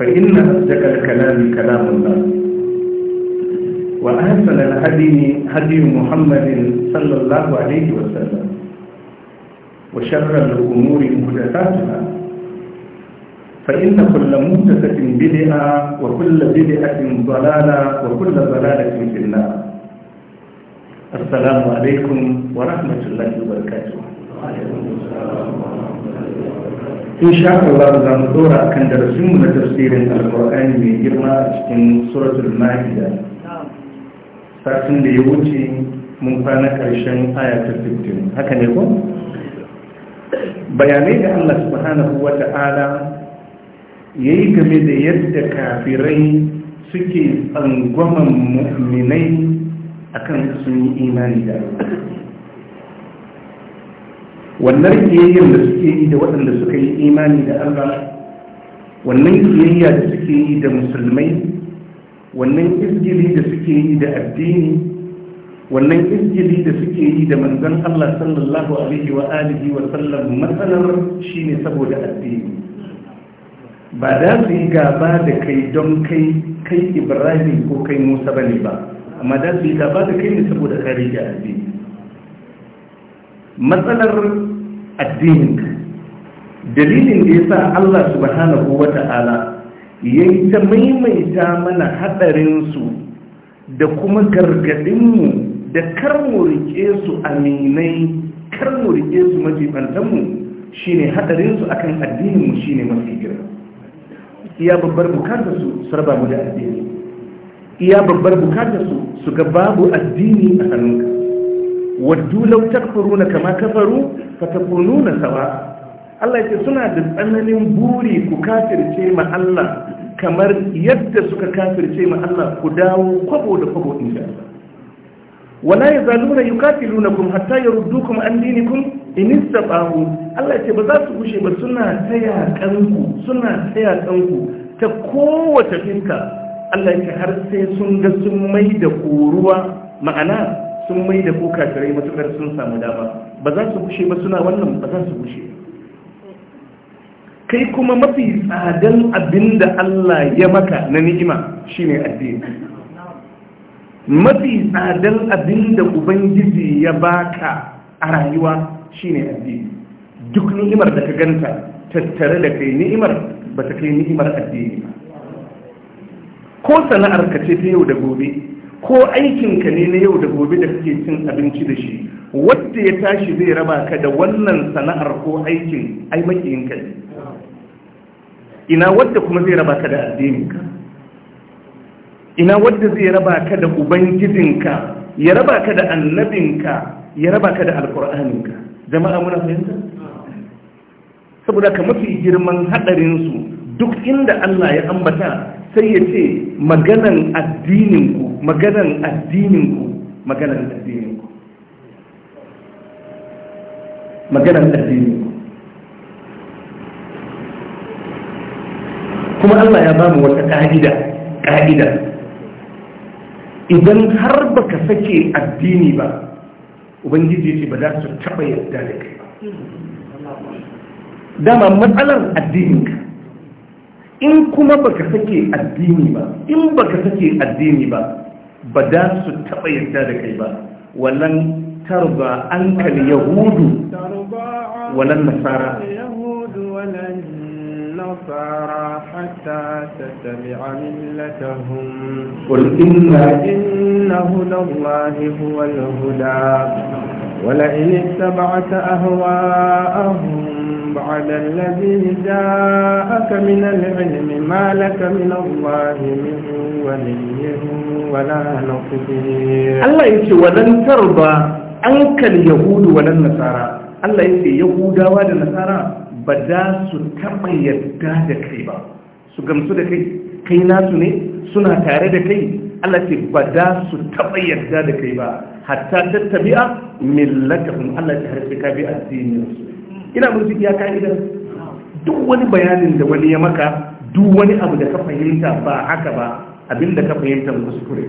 فإن أصدق الكلام كلام الله وأحسن الهدي هدي محمد صلى الله عليه وسلم وشر الأمور محدثاتها فإن كل محدثة بدعة وكل بدعة ضلالة وكل ضلالة في النار السلام عليكم ورحمة الله وبركاته وعليكم السلام ورحمة الله in sha Allah za mu dora darasin darasinmu na tafsirin alkur'ani mai girma a cikin suratul ma'ida satin da ya wuce mun kwana ƙarshen aya ta 15 haka ne ko bayanai da Allah subhanahu wa ta'ala yayi game da yadda kafirai suke tsangwaman mu'minai akan sun yi imani da Allah wannan kiyayyar da suke yi da waɗanda suka yi imani da Allah wannan kiyayya da suke yi da musulmai wannan izgili da suke yi da addini wannan izgili da suke yi da manzan Allah sallallahu alaihi wa alihi wa sallam matsalar shine saboda addini ba da su yi gaba da kai don kai kai Ibrahim ko kai Musa bane ba amma da su yi gaba da kai ne saboda kare da addini matsalar addininka dalilin da ya sa Allah subhanahu wa ta'ala ya yi ta maimaita mana haɗarinsu da kuma gargaɗinmu da kar mu riƙe su aminai kar mu riƙe su majibantanmu shi ne haɗarinsu a kan addininmu shi ne mafi girma iya babbar bukatar su sarba mu da addini iya babbar bukatar su su ga babu addini a hannunka waddu takfuru na kama kafaru fatakununa sawa Allah yake suna da tsananin buri ku kafirce ma Allah kamar yadda suka kafirce ma Allah ku dawo kwabo da kwabo insha Allah wala yazaluna yuqatilunakum hatta yaruddukum an dinikum in istata'u Allah yake ba za su gushe ba suna taya kanku suna taya kanku ta kowace finka Allah yake har sai sun ga sun mai da koruwa ma'ana sun mai da kuka kafirai matukar sun samu dama ba za su gushe ba suna wannan ba za su gushe kai kuma mafi tsadan abin da Allah ya maka na ni'ima shine addini mafi tsadan abin da ubangiji ya baka a rayuwa shine addini duk ni'imar da ka ganta tattare da kai ni'imar ba ta kai ni'imar addini ko sana'ar ka ce ta yau da gobe ko aikinka ne na yau da gobe da kake cin abinci da shi wadda ya tashi zai raba ka da wannan sana'ar ko aikin ai makiyinka ne ina wadda kuma zai raba ka da addininka ina wadda zai raba ka da ubangijinka ya raba ka da annabinka ya raba ka da alkur'aninka jama'a muna fahimta saboda ka mafi girman haɗarinsu. duk inda Allah ya ambata sai ya ce maganan addininku maganan addininku maganan addininku maganan addininku kuma Allah ya bamu wata ƙa'ida ƙa'ida idan har baka sake addini ba ubangiji ce ba za su taɓa yadda da kai ba dama matsalar addininka in kuma baka sake addini ba in baka sake addini ba ba da su taɓa yarda da kai ba wannan tarba an kal yahudu walan nasara النصارى حتى تتبع ملتهم قل إن إن هدى الله هو الهدى ولئن اتبعت أهواءهم على الذي جاءك من العلم ما لك من الله من ولي ولا نصير الله يتي ولن ترضى عنك اليهود ولا النصارى Allah ya ce Yahudawa da Nasara ba za su taɓa yadda da kai ba su gamsu da kai kai nasu ne suna tare da kai Allah ce ba za su taɓa yarda da kai ba hatta tattabi'a millatahum Allah ya ka bi ina musu iya ka'idar duk wani bayanin da wani ya maka duk wani abu da ka fahimta ba haka ba abin da ka fahimta kuskure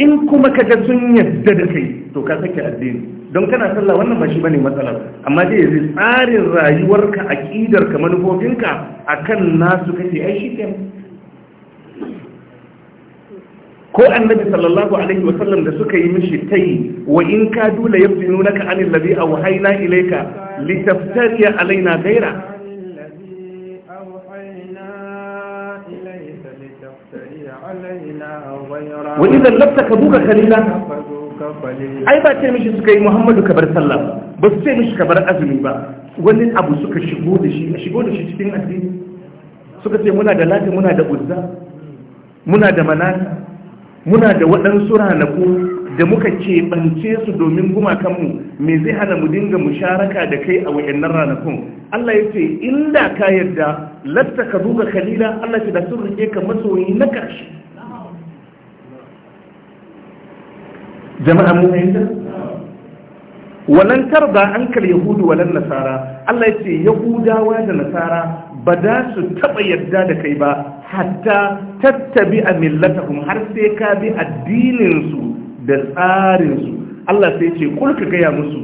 in kuma ka ga sun yadda da kai to ka sake addini don kana sallah wannan ba shi bane matsalar amma dai yanzu tsarin rayuwarka aqidar ka manufofinka akan nasu kake ai shi ko annabi sallallahu alaihi wa sallam da suka yi mishi tai wa in ka dula yabtinunaka anil ladhi awhayna ilayka لتفتري علينا غيره وإذا buga أبوك خليلا ai ba ce mishi suka yi muhammadu kabar sallah ba su ce mishi bar azumi ba wani abu suka shigo da shi a shigo da shi cikin addini suka ce muna da lati muna da uzza muna da manata muna da waɗansu ranaku da muka keɓance su domin gumakanmu me zai hana mu dinga musharaka da kai a wayannan ranakun Allah ya ce inda ka yarda latta ka zuga kalila Allah ce da sun rike ka masoyi na ƙarshe jama'a mu walan tarda ankal yahudu walan nasara Allah ya ce yahudawa da nasara ba za su taɓa yarda da kai ba hatta tattabi a millatahum har sai ka bi addininsu da tsarinsu Allah sai ce kulka gaya musu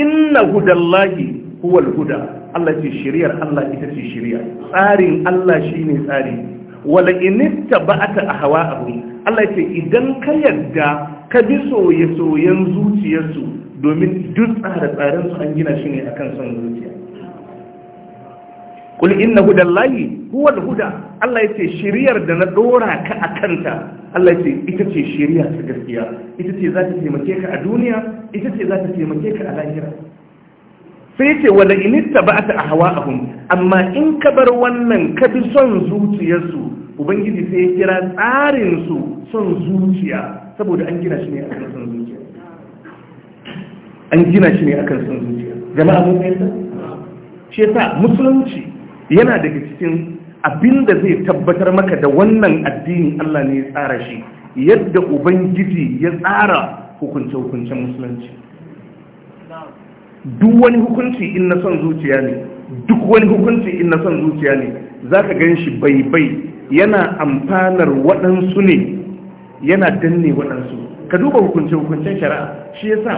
inna hudallahi huwal huda Allah ce shiriyar Allah ita ce shirya. tsarin Allah shine tsari wala inista a ahwa'ahu Allah ce idan ka yadda ka bi soye-soyen zuciyarsu domin duk tsare tsarensu an gina shi ne akan son zuciya kul inna hudallahi huwa alhuda Allah yace shiriyar da na dora ka a kanta Allah yace ita ce shiriya ta gaskiya ita ce za ta taimake ka a duniya ita ce za ta taimake ka a lahira sai ce wala in ba ta ahwa'ahum amma in ka bar wannan ka bi son zuciyarsu ubangiji sai ya kira tsarin su son zuciya saboda an gina shi ne akan son zuciya an gina shi ne akan son zuciya jama'a mun fahimta shi yasa musulunci yana daga cikin abinda zai tabbatar maka da wannan addinin Allah ne ya tsara shi yadda ubangiji ya tsara hukunce-hukuncen musulunci duk wani hukunci in na son zuciya ne duk wani hukunci in na son zuciya ne za ka gan shi baibai yana amfanar waɗansu ne yana danne waɗansu ka duba hukunce-hukuncen shari'a shi ya sa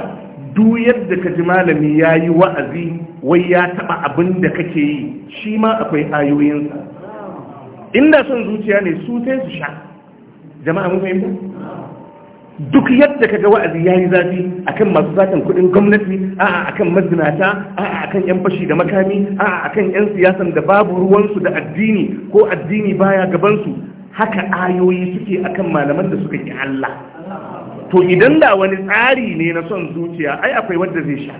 duk yadda ka ji malami ya yi wa'azi wai ya taɓa abin da kake yi shi ma akwai ayoyinsa inda son zuciya ne su sai su sha jama'a mun fahimta duk yadda ka ga wa'azi ya yi zafi akan masu satan kuɗin gwamnati a'a akan mazinata a'a akan yan fashi da makami a'a akan yan siyasan da babu ruwansu da addini ko addini baya gabansu haka ayoyi suke akan malaman da suka ki Allah to idan da wani tsari ne na son zuciya ai akwai wanda zai sha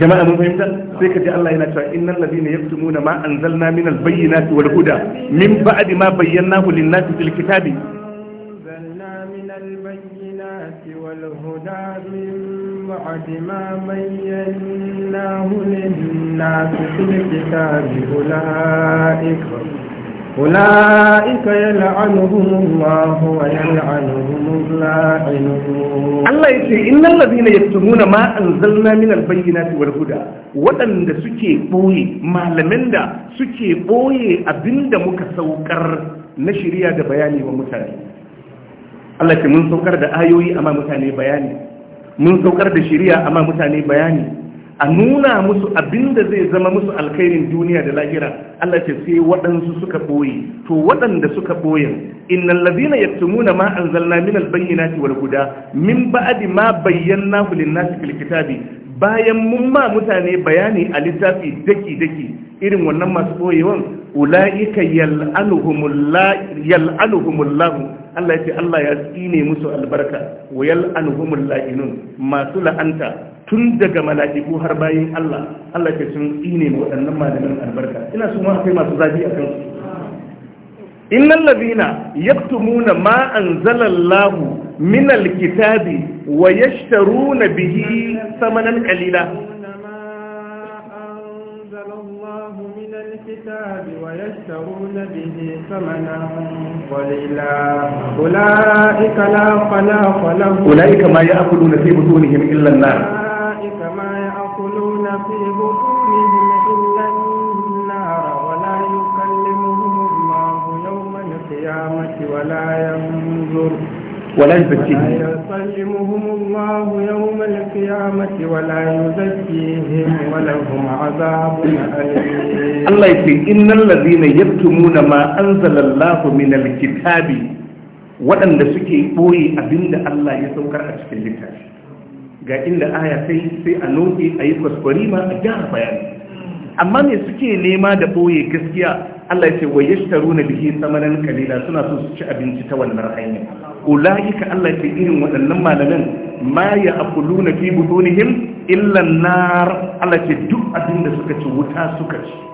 jama'a mun fahimta sai ka ji Allah yana cewa innal ladina yaktumuna ma anzalna min albayyinati wal huda min ba'di ma bayyanahu lin-nasi fil kitabi بعد ما بيناه للناس في الكتاب أولئك أولئك يلعنهم الله ويلعنهم اللاعنون الله يقول إن الذين يكتمون ما أنزلنا من البينات والهدى وأن سكي بوي ما لمن دا سكي بوي أبن دا مكسوكر نشريا دا بياني ومتاني الله يقول من سوكر دا آيوي أما متاني بياني من سوكر دا شريا أما متاني بياني a nuna musu abinda zai zama musu alkhairin duniya da lahira Allah ce sai waɗansu suka ɓoye to waɗanda suka ɓoyen innal ladina yaktumuna ma anzalna min bayyana wal guda min ba'di ma na lin-nasi fil bayan mun ma mutane bayani a littafi daki daki irin wannan masu ɓoyewan ulaika yal'anuhumullahu yal'anuhumullahu Allah ya ce Allah ya tsine musu albarka wa yal'anuhumul masu la'anta tun daga mala'iku har bayan Allah Allah ke sun tsine waɗannan malamin albarka ina su ma akwai masu zafi a kansu innal ladina yaktumuna ma anzala Allah min alkitabi wa yashtaruna bihi thamanan qalila الكتاب ويشترون به ثمنا قليلا أولئك لا خلاق لهم أولئك ما يأكلون في بطونهم إلا النار في بطونهم إلا النار ولا يكلمهم الله يوم القيامة ولا ينظر ولا يكلمهم الله يوم القيامة ولا يزكيهم ولهم عذاب أليم الله يقول إن الذين يكتمون ما أنزل الله من الكتاب waɗanda suke ɓoye abinda Allah ya saukar a cikin littafi ga inda aya sai sai a noke a yi kwaskwari ma a gyara bayani amma me suke nema da ɓoye gaskiya Allah ya ce wa yashtaru na bihi tsamanin kalila suna so su ci abinci ta wannan hanya ulaika Allah ya ce irin waɗannan malaman ma ya akuluna fi butunihim illa nar Allah ya ce duk abin da suka ci wuta suka ci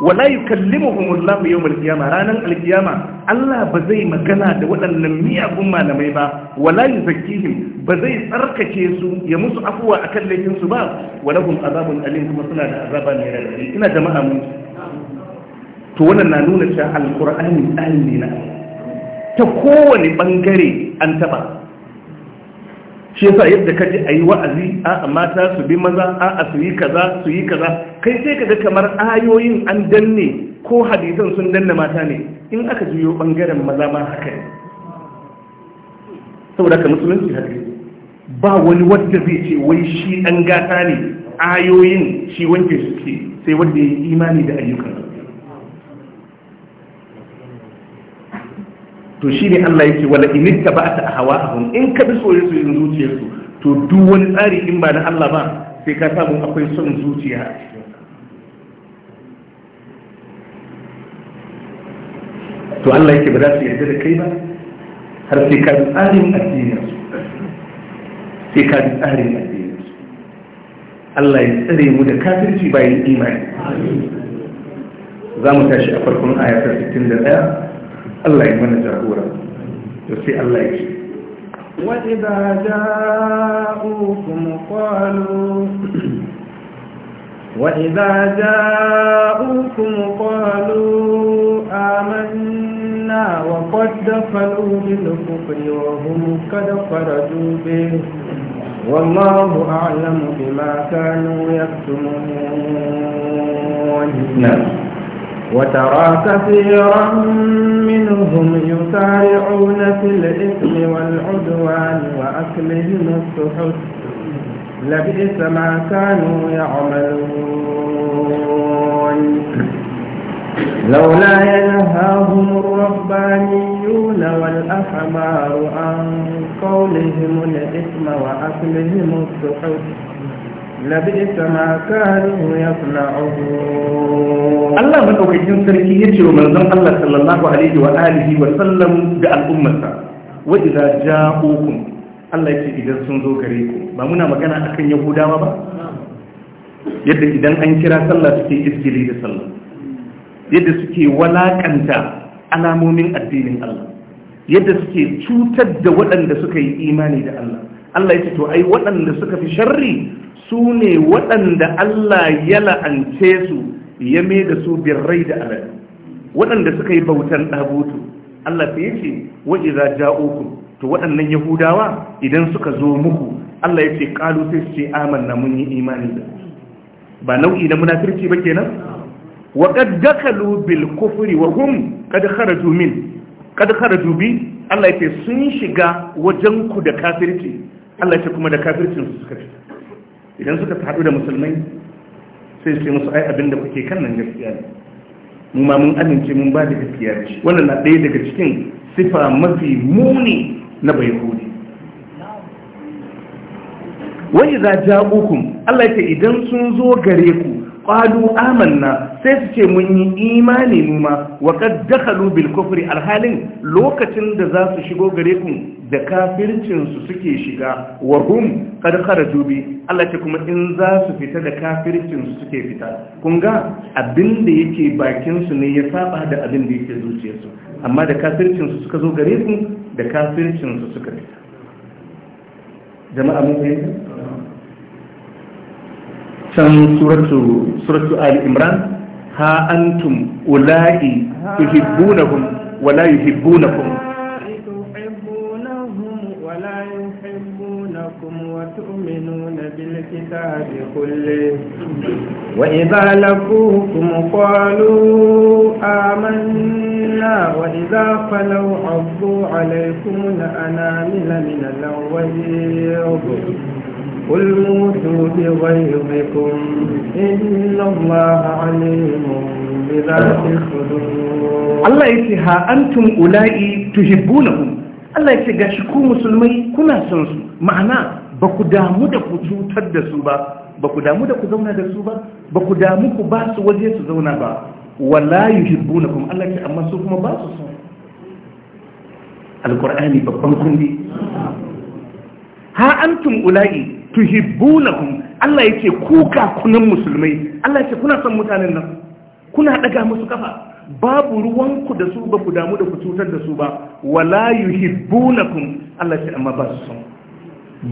wala yukallimuhum Allah yawmal qiyama Ranar alqiyama Allah ba zai magana da waɗannan miyagun malamai ba wala yuzakkihim ba zai tsarkake su ya musu afuwa a kan su ba walahum azabun alim kuma suna da azaba mai radadi ina jama'a mun to wannan na nuna cewa alkur'ani tsari ne na ta kowane bangare an taba shi yasa yadda ka ji a yi wa'azi a mata su bi maza a su yi kaza su yi kaza kai sai ka ga kamar ayoyin an danne ko hadisan sun danne mata ne in aka juyo bangaren maza ma haka ne saboda ka musulunci haka ba wani wadda zai ce wai shi an gata ne ayoyin shi wanke suke sai wanda ya yi imani da ayyukan to shi ne Allah yake wala in ka ba ta hawa hun in ka bi soye zuciyar zuciyarsu to duk wani tsari in ba na Allah ba sai ka samu akwai son zuciya a cikin to Allah yake ba za su yarda da kai ba har sai ka bi tsarin addinarsu sai ka bi tsarin addinarsu Allah ya tsare mu da kafirci bayan imani za mu tashi a farkon ayatar 61 Allah ya mana jagora to sai Allah ya ce وإذا جاءوكم قالوا وإذا جاءوكم قالوا آمنا وقد دخلوا بالكفر وهم قد خرجوا به والله أعلم بما كانوا يكتمون نعم وترى كثيرا منهم يسارعون في الإثم والعدوان وأكلهم السحت لبئس ما كانوا يعملون لولا ينهاهم الربانيون والأحمار عن قولهم الإثم وأكلهم السحت ya Allah ما كانوا يصنعون الله من أوكيكين سركي يتشي ومنظم الله صلى wa sallam ga وسلم جاء الأمة وإذا جاءوكم Allah ya ce idan sun zo gare ku ba muna magana a kan Yahudawa ba yadda idan an kira sallah suke isgili da sallah yadda suke walakanta alamomin addinin Allah yadda suke cutar da waɗanda suka yi imani da Allah Allah ya ce to ai waɗanda suka fi sharri su ne waɗanda Allah ya la'ance su ya mai da su birrai da alal waɗanda suka yi bautan ɗabutu Allah ta yace wa idza uku, to waɗannan yahudawa idan suka zo muku Allah ya ce ƙalu sai su ce amanna mun yi imani da ba nau'i na munafirci ba kenan wa qad dakalu bil kufri wa hum qad kharaju min qad kharaju bi Allah ya ce sun shiga wajen ku da kafirci Allah ya ce kuma da kafircin su suka fita idan suka haɗu da musulmai sai sai musu ai abin da kuke kan nan gaskiya ne mu ma mun amince mun ba da gaskiya ce wannan na ɗaya daga cikin sifa mafi muni na bai hudi wani za ja Allah ce idan sun zo gare ku qalu amanna sai su ce mun yi imani mu ma wa kad dakhalu bil kufri alhalin lokacin da za su shigo gare ku da kafircin su suke shiga wa hum kad kharaju bi Allah ce kuma in za su fita da kafircin su suke fita kun ga abin da yake bakin su ne ya saba da abin da yake zuciyarsu amma da kafircin su suka zo gare ku da kafircin su suka fita jama'a mun fahimta كان سورة سورة آل imran ها أنتم ولا tuhibbunahum ولا يحبونكم وتؤمنون بالكتاب كله وإذا لقوكم قالوا آمنا وإذا خلوا عضوا عليكم الأنامل من الأولين قل موتوا بغيظكم إن الله عليم بذات الصدور الله يسي ها أنتم أولئي تحبونهم Allah ya ce gashi ku musulmai kuna son su ma'ana ba ku damu da ku cutar da su ba ba ku damu da ku zauna da su ba ba ku damu ku ba su waje su zauna ba wala kuma. Allah ya ce amma su kuma ba su son Alƙur'ani babban kundi ha antum ula'i tuhibbunahum Allah yake kuka kunan musulmai Allah yake kuna son mutanen nan kuna daga musu kafa babu ruwan ku da su ba ku damu da ku cutar da su ba wala yuhibbunakum Allah yake amma ba su son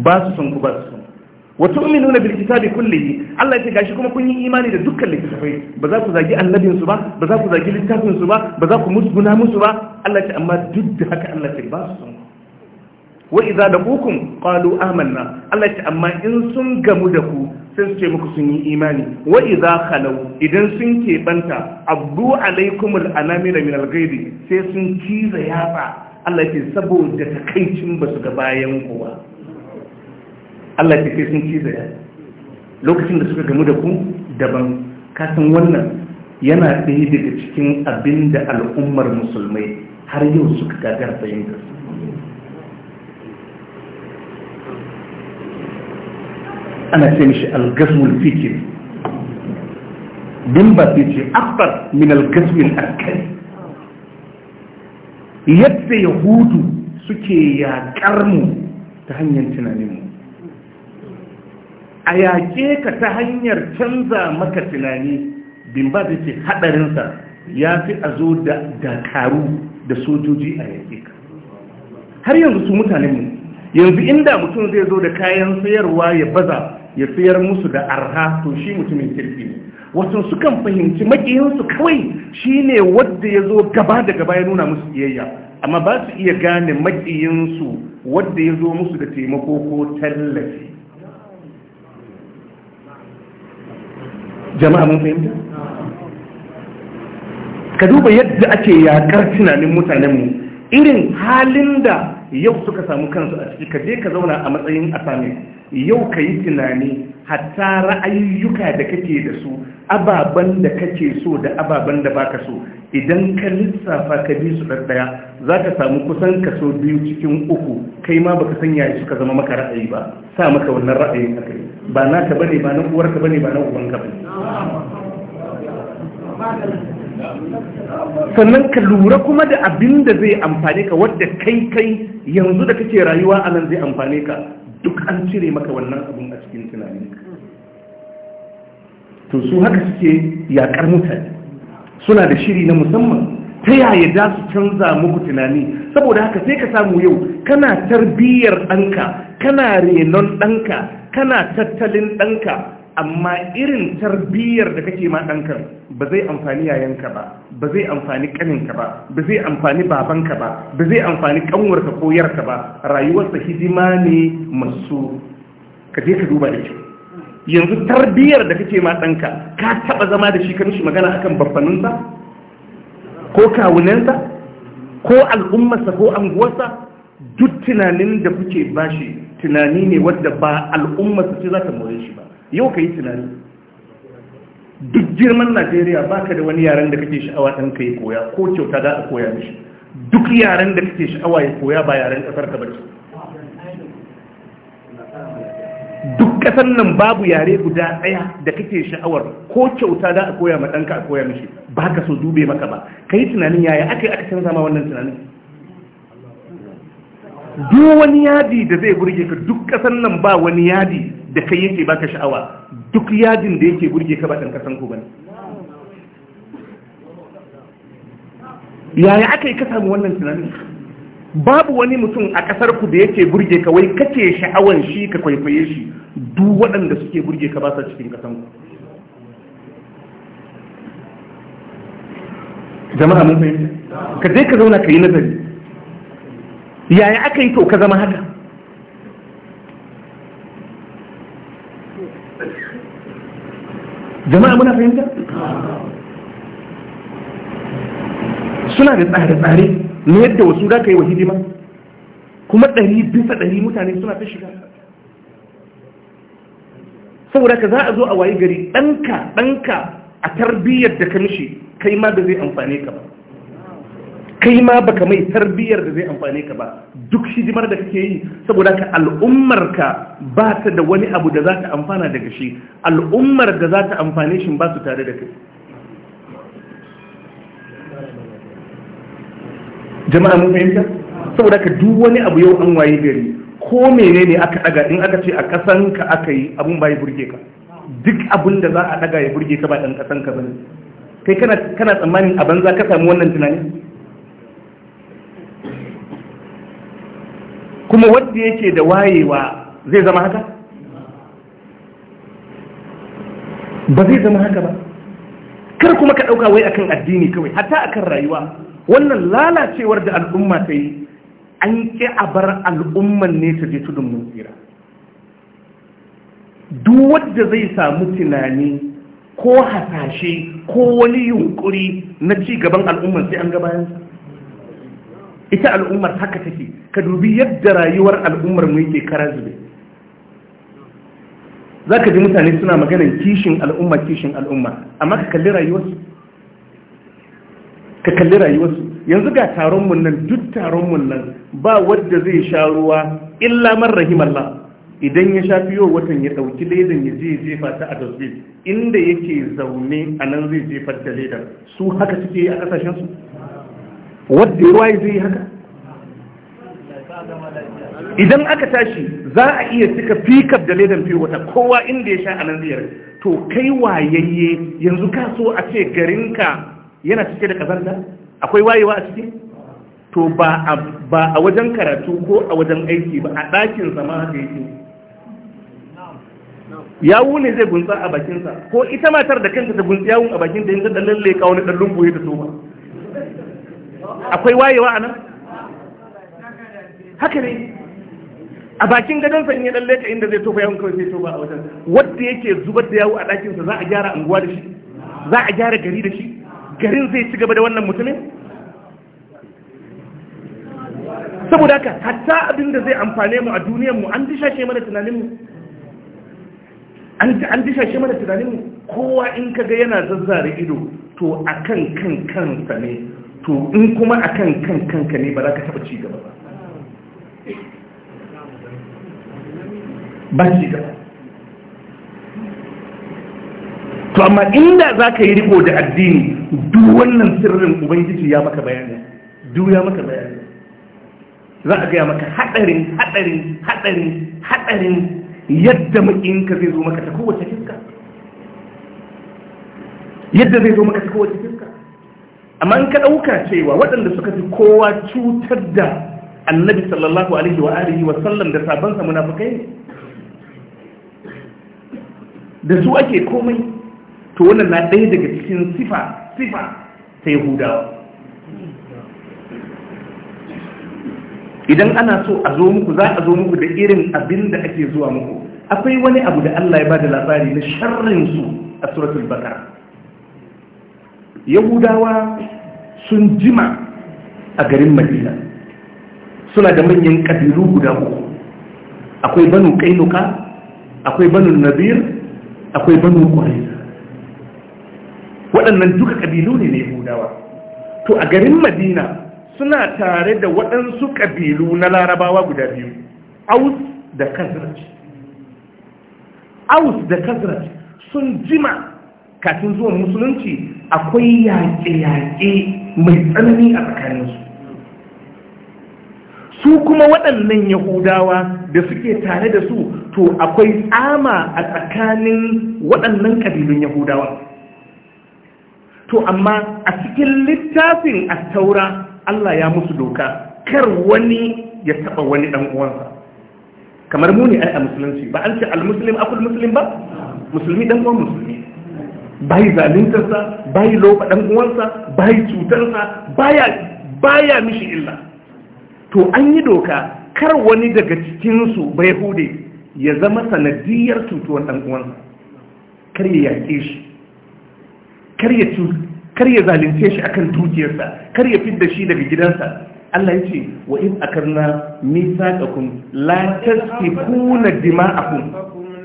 ba su son ku ba su son wa tu'minuna bil kitabi kullihi Allah yake gashi kuma kun yi imani da dukkan littafai ba za ku zagi annabin su ba ba za ku zagi littafin su ba ba za ku musguna musu ba Allah yake amma duk da haka Allah yake ba su son wa iza da hukum qalu amanna Allah ya amma in sun gamu da ku sai su ce muku sun yi imani wa iza khalau idan sun keɓanta abdu alaikumul anamira min alghaidi sai sun ciza yafa Allah ya saboda takaicin ba su ga bayan ku Allah ya sai sun ciza yatsa lokacin da suka gamu da ku daban kasan wannan yana ɗaya daga cikin abinda al'ummar musulmai har yau suka gagar fahimtar su ana ce mishi algasmul fikiri din ba sai ce akbar min algasmul akari yadda yahudu suke yaƙar mu ta hanyar tunaninmu a yaƙe ka ta hanyar canza maka tunani din ba haɗarinsa ya fi a zo da dakaru da sojoji a yaƙe ka har yanzu su mutanenmu yanzu inda mutum zai zo da kayan sayarwa ya baza ya sayar musu da arha to shi mutumin kirki ne wasu sukan fahimci makiyinsu kawai shi ne wanda ya zo gaba da gaba ya nuna musu iyayya amma ba su iya gane makiyinsu wanda ya zo musu da taimako ko tallafi jama'a mun fahimta ka duba yadda ake yakar tunanin mutanenmu irin halin da yau suka samu kansu a ciki ka je ka zauna a matsayin asami yau ka yi tunani hatta ra'ayyuka da kake da su ababen da kake so da ababen da baka so idan ka lissafa ka bi su ɗaya za ka samu kusan kaso biyu cikin uku kai ma baka san yaya suka zama maka ra'ayi ba sa maka wannan ra'ayin aka yi ba naka bane ba na uwarka bane ba na uwanka bane sannan ka lura kuma da abin da zai amfane ka wadda kai kai yanzu da kake rayuwa a nan zai amfane ka duk an cire maka wannan abin a cikin tunaninka to su haka suke yakar mutane suna da shiri na musamman ta yaya za su canza muku tunani saboda haka sai ka samu yau kana tarbiyyar ɗanka kana renon ɗanka kana tattalin ɗanka amma irin tarbiyyar da kake ma ɗankan ba zai amfani yayanka ba ba zai amfani ƙaninka ba ba zai amfani babanka ba ba zai amfani ƙanwarka ko yarka ba rayuwarsa hidima ne masu ka je ka duba da shi. yanzu tarbiyyar da kake ma ɗanka ka taɓa zama da shi ka nishi magana akan babbaninsa ko kawunansa ko al'ummarsa ko anguwarsa duk tunanin da kuke bashi tunani ne wadda ba al'ummarsa ce za ta more shi ba yau ka yi tunani duk girman najeriya baka da wani yaren da kake sha'awa ɗan ka yi koya ko kyauta za a koya mishi duk yaren da kake sha'awa ya koya ba yaren ƙasar ka bace duk ƙasar nan babu yare guda ɗaya da kake sha'awar ko kyauta za a koya ma ɗanka a koya mishi ba ka so dube maka ba ka yi tunanin yaya aka yi aka canza ma wannan tunanin duk wani yadi da zai burge ka duk ƙasar nan ba wani yadi da kai yake baka sha'awa duk yadin da yake burge ka ba ɗan kasan ku bane yaya aka yi ka samu wannan tunanin babu wani mutum a kasar ku da yake burge ka wai kake sha'awan shi ka kwaikwaye shi duk waɗanda suke burge ka ba sa cikin kasan ku jama'a mun fahimta ka je ka zauna ka yi nazari yaya aka yi to ka zama haka jama'a muna fahimta suna da tsare-tsare na yadda wasu za ka yi wa hidima kuma ɗari bisa ɗari mutane suna ta shiga saboda ka za a zo a wayi gari ɗanka ɗanka a tarbiyyar da ka mishi kai ma da zai amfane ka ba kai ma baka mai tarbiyyar da zai amfane ka ba duk hidimar da kake yi saboda ka al'ummarka ba ta da wani abu da za ta amfana daga shi al'ummar da za ta amfane shi ba su tare da kai jama'a mun fahimta saboda ka duk wani abu yau an waye gari ko menene aka daga in aka ce a kasan ka aka yi abun bai burge ka duk abun da za a daga ya burge ka ba dan kasan ka bane kai kana kana tsammanin a banza ka samu wannan tunanin kuma wanda yake da wayewa zai zama haka ba zai zama haka ba kar kuma ka ɗauka wai akan addini kawai hatta akan rayuwa wannan lalacewar da al'umma ta yi an ƙi a bar al'umman ne ta je tudun mun duk wadda zai samu tunani ko hasashe ko wani yunkuri na ci gaban al'umman sai an ga gabayansa ita al'ummar haka take ka dubi yadda rayuwar al'ummar mu yake kara zube za ka ji mutane suna maganar kishin al'umma kishin al'umma amma ka kalli rayuwarsu ka kalli rayuwarsu yanzu ga taron mun nan duk taron mun nan ba wanda zai sha ruwa illa man rahimallah idan ya sha fiyo watan ya dauki ledan ya je jefa ta a dosbin inda yake zaune a nan zai jefar da ledan su haka suke a kasashen su wadda ya waye zai haka idan aka tashi za a iya cika fikar da ledan fiye wata kowa inda ya sha a nan ziyarar to kai wayayye yanzu ka so a ce garinka yana cike da kazanta akwai wayewa a ciki to ba a wajen karatu ko a wajen aiki ba a ɗakin zama haka yake yawu ne zai gunsa a bakinsa ko ita matar da kanta ta gunsa yawun a bakinta yin ta ɗan lalle kawo na ɗan lungu ya ta so akwai wayewa a nan haka ne a bakin gadonsa in ya dan leka inda zai tofa yawon kawai zai tofa a wajen wadda yake zubar da yawo a ɗakinsa za a gyara anguwa da shi za a gyara gari da shi garin zai ci gaba da wannan mutumin saboda haka hatta abin da zai amfane mu a duniyar mu an dishashe mana tunanin mu an dishashe mana tunaninmu, kowa in kaga yana zazzare ido to akan kan kansa ne to in kuma a kan kan kanka ne ba za ka taɓa ci gaba ba ci gaba to amma inda za ka yi riko da addini duk wannan sirrin ubangiji ya maka bayani duk ya maka bayani za a gaya maka haɗarin haɗarin haɗarin haɗarin yadda makinka zai zo maka ta kowace fiska yadda zai zo maka ta kowace fiska amma in ka ɗauka cewa waɗanda suka fi kowa cutar da annabi sallallahu alaihi wa alihi wa sallam da sabansa munafukai ne da su ake komai to wannan na ɗaya daga cikin sifa sifa ta yahudawa idan ana so a zo muku za a zo muku da irin abin da ake zuwa muku akwai wani abu da Allah ya ba da labari na sharrin su a suratul bakara yahudawa sun jima a garin madina suna da manyan ƙabilu guda uku akwai banu kainuka akwai banu nabir akwai banu ƙwarisa waɗannan duka ƙabilu ne na yahudawa to a garin madina suna tare da waɗansu ƙabilu na larabawa guda biyu aus da kazraj aus da kazraj sun jima kafin zuwan musulunci akwai yaƙe-yaƙe mai tsanani a tsakaninsu su kuma waɗannan yahudawa da suke tare da su to akwai tsama a tsakanin waɗannan ƙabilun yahudawa to amma a cikin littafin a taura Allah ya musu doka kar wani ya taɓa wani ɗan uwansa kamar muni ai a musulunci ba an ce al-muslim akul muslim ba musulmi ɗan uwan musulmi bai zalintarsa bai lobe dan uwansa bai cutarsa baya baya mishi illa to an yi doka kar wani daga cikin su bai hude ya zama sanadiyar cutuwar dan kar ya yake shi kar ya kar ya zalunce shi akan dukiyarsa kar ya fidda shi daga gidansa Allah ya ce wa in akarna misaqakum la tasfikuna dima'akum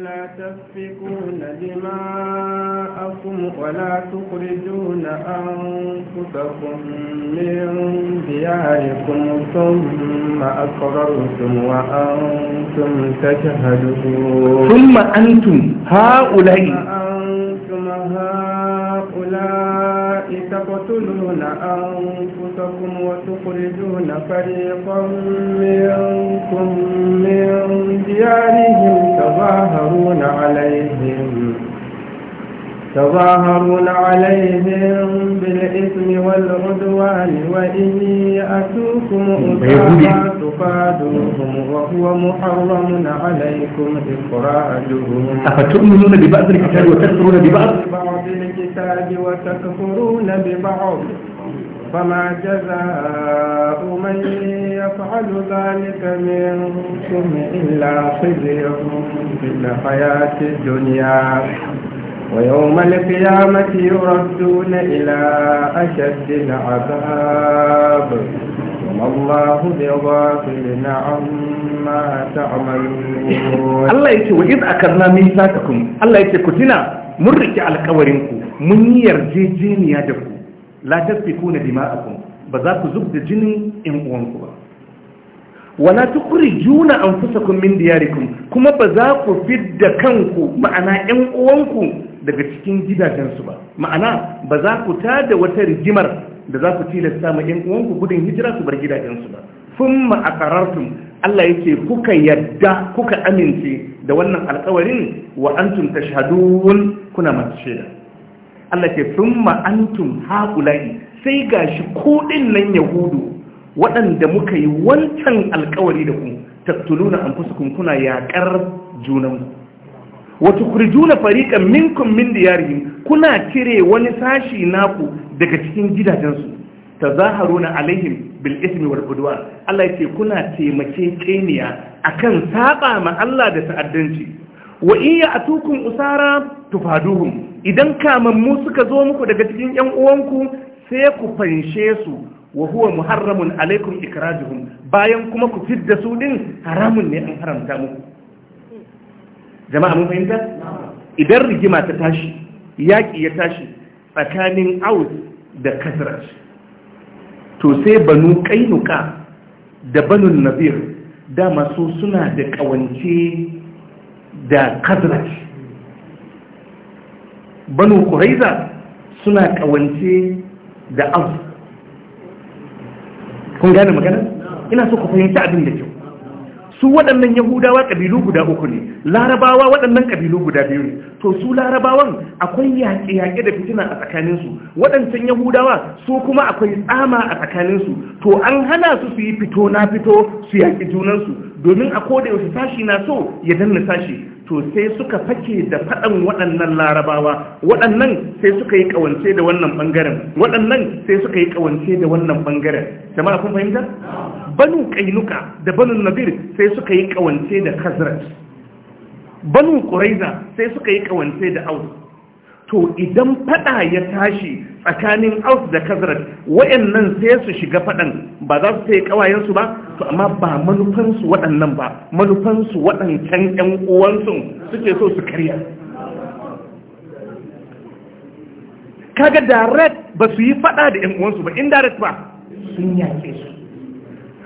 la tasfikuna dima'akum أولادكم وَلَا تُخْرِجُونَ أَنفُسَكُمْ مِنْ دِيَارِكُمْ ثُمَّ أَقْرَرْتُمْ وأنتم تَشْهَدُونَ ثُمَّ أَنْتُمْ هَؤُلَاءِ أنتم هؤلاء تقتلون أنفسكم وتخرجون فريقا منكم من ديارهم تظاهرون عليهم تظاهرون عليهم بالإثم والعدوان وإن يأتوكم أسارى تفادوهم وهو محرم عليكم إخراجهم أفتؤمنون ببعض الكتاب وتكفرون ببعض؟ ببعض الكتاب وتكفرون ببعض فما جزاء من يفعل ذلك منكم إلا خزي في الحياة الدنيا ويوم القيامة يردون إلى أشد العذاب وما الله بغافل عما تعملون الله يتي وإذ أكرنا ميثاقكم الله يتي كتنا مرك على كورنكم من يرجيجين يدكم لا تسفكون دماءكم بذاك زبد جنين إن أونكم wala tukhrijuna anfusakum min diyarikum kuma ba za ku fidda kanku ma'ana daga cikin gidajensu ba ma'ana ba za ku ta da wata rigimar da za ku tilasta ma yan uwanku gudun hijira su bar gidajensu ba sun ma'akarartum Allah yake kuka yadda kuka amince da wannan alkawarin wa antum shahadun kuna masu shaida Allah ke sun antum haƙula'i sai gashi kuɗin nan yahudu waɗanda muka yi wancan alkawari da ku tattuluna an kuna yaƙar junanku wata kurjuna fariƙan minkum min diyarihim kuna cire wani sashi naku daga cikin gidajensu ta na alaihim bil ismi wal Allah yake kuna taimake keniya akan saba ma Allah da ta'addanci wa in ya'tukum usara tufaduhum idan mu suka zo muku daga cikin yan uwanku sai ku fanshe su wa huwa muharramun alaikum ikrajuhum bayan kuma ku fidda su din haramun ne an haramta muku jama'a mun fahimta idan rigima ta tashi yaƙi ya tashi tsakanin aus da kasraj to sai banu kainuka da banu nazir dama masu suna da kawance da kasraj banu kuraiza suna kawance da aus kun gane magana ina so ku fahimta abin da kyau su waɗannan yahudawa ƙabilu guda uku ne larabawa waɗannan ƙabilu guda biyu ne to su larabawan akwai yaƙe-yaƙe da fitina a tsakaninsu waɗancan yahudawa su kuma akwai tsama a tsakaninsu to an hana su su yi fito na fito su yaƙi junansu domin a koda yaushe sashi na so ya danna sashi to sai suka fake da faɗan waɗannan larabawa waɗannan sai suka yi ƙawance da wannan ɓangaren waɗannan sai suka yi ƙawance da wannan ɓangaren jama'a kun fahimta banu kainuka da banu nadir sai suka yi ƙawance da kazrat banu quraiza sai suka yi ƙawance da aus to idan fada ya tashi tsakanin aus da kazrat wayannan sai su shiga fadan ba za su sai kawayensu ba to amma ba manufansu waɗannan ba manufansu waɗancan ƴan uwansu suke so su karya kaga direct ba su yi fada da ƴan uwansu ba indirect ba sun yake su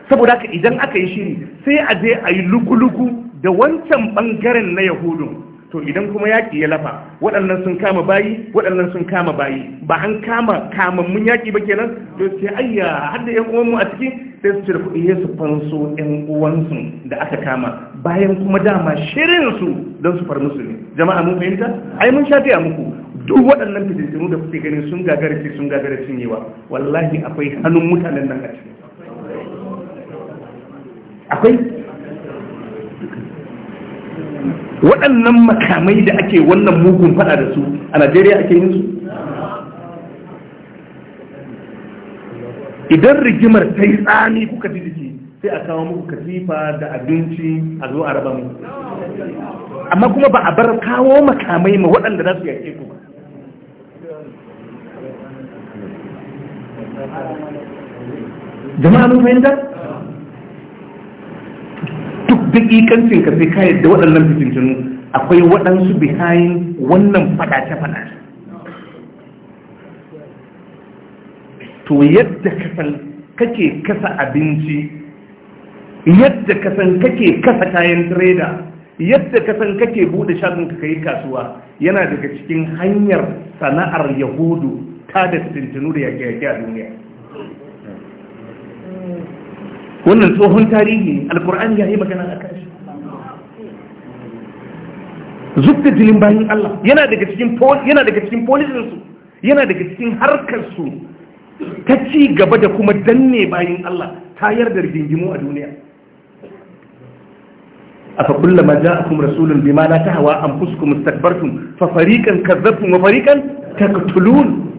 saboda haka idan aka yi shiri sai a je a yi lugu-lugu da wancan bangaren na yahudun to idan kuma yaƙi ya lafa waɗannan sun kama bayi waɗannan sun kama bayi ba an kama kamammun yaƙi ba kenan to sai ayya hadda ya kuma uwanmu a ciki sai su cire kuɗi ya su fanso ƴan uwansu da aka kama bayan kuma dama shirin su don su far musu ne jama'a mun fahimta ai mun sha a muku duk waɗannan fitintunu da kuke ganin sun gagara ce sun gagara cinyewa wallahi akwai hannun mutanen nan a ciki akwai waɗannan makamai da ake wannan mugun fada da su a najeriya ake yin su idan rigimar ta yi tsami kuka ji jiki sai a kawo muku katifa da abinci a zo a raba mu amma kuma ba a bar kawo makamai ma waɗanda za su yake ku ba jama'a mun fahimta duk daƙiƙancin ka sai ka yadda waɗannan fitintunu akwai waɗansu behind wannan faɗace-faɗace to yadda kake kasa abinci yadda kasan kake kasa kayan trader yadda kasan kake bude shagon ka kai kasuwa yana daga cikin hanyar sana'ar yahudu ta da fitintunu da yaƙe-yaƙe a duniya wannan tsohon tarihi alkur'ani ya yi magana a kashi zub da jilin bayan Allah yana daga cikin yana daga cikin polisinsu yana daga cikin harkarsu ta ci gaba da kuma danne bayan Allah tayar da rigingimu a duniya afa kullama ja'akum rasulun bima la tahwa anfusukum istakbartum fa fariqan kadzabtum wa fariqan taqtulun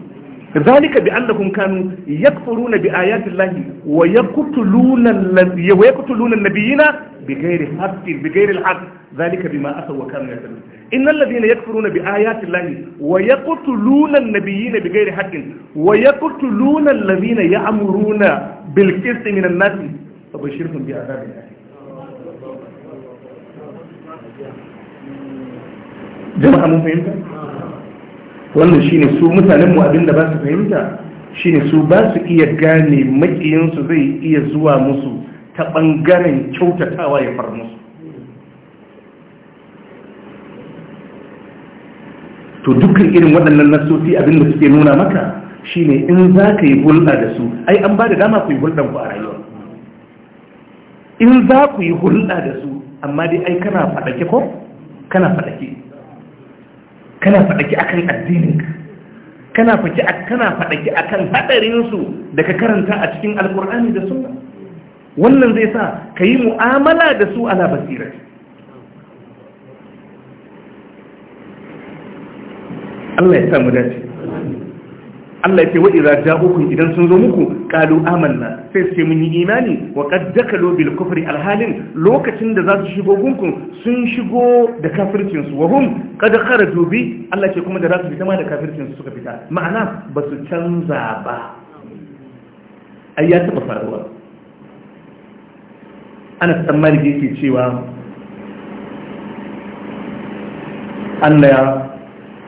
ذلك بأنهم كانوا يكفرون بآيات الله ويقتلون ويقتلون النبيين بغير حق بغير الحق ذلك بما أتوا وكانوا يعتدون إن الذين يكفرون بآيات الله ويقتلون النبيين بغير حق ويقتلون الذين يأمرون بالقسط من الناس فبشرهم بعذاب الله جماعة مفهمين wannan shine su mutanen mu abinda ba su fahimta shine su ba su iya gane makiyinsu zai iya zuwa musu ta ɓangaren kyautatawa ya far musu to dukkan irin waɗannan nasoti abinda suke nuna maka shine in za ka yi hulɗa da su ai an ba da dama ku yi hulɗan ku a rayuwa in za ku yi hulɗa da su amma dai ai kana faɗake ko kana faɗake kana faɗaki akan addininka kana faɗaki kana faɗaki akan hadarin su da karanta a cikin alkur'ani da sunna wannan zai sa ka yi mu'amala da su ala basira Allah ya mu dace Allah ya ce wa idza ja'uku idan sun zo muku qalu amanna sai su ce mun yi imani wa qad dakalu bil kufri alhalin lokacin da za su shigo gunku sun shigo da kafircin su wa hum qad kharaju bi Allah ce kuma da za su fita ma da kafircin su suka fita ma'ana ba su canza ba ai ya taba faruwa ana tsammani yake cewa Allah ya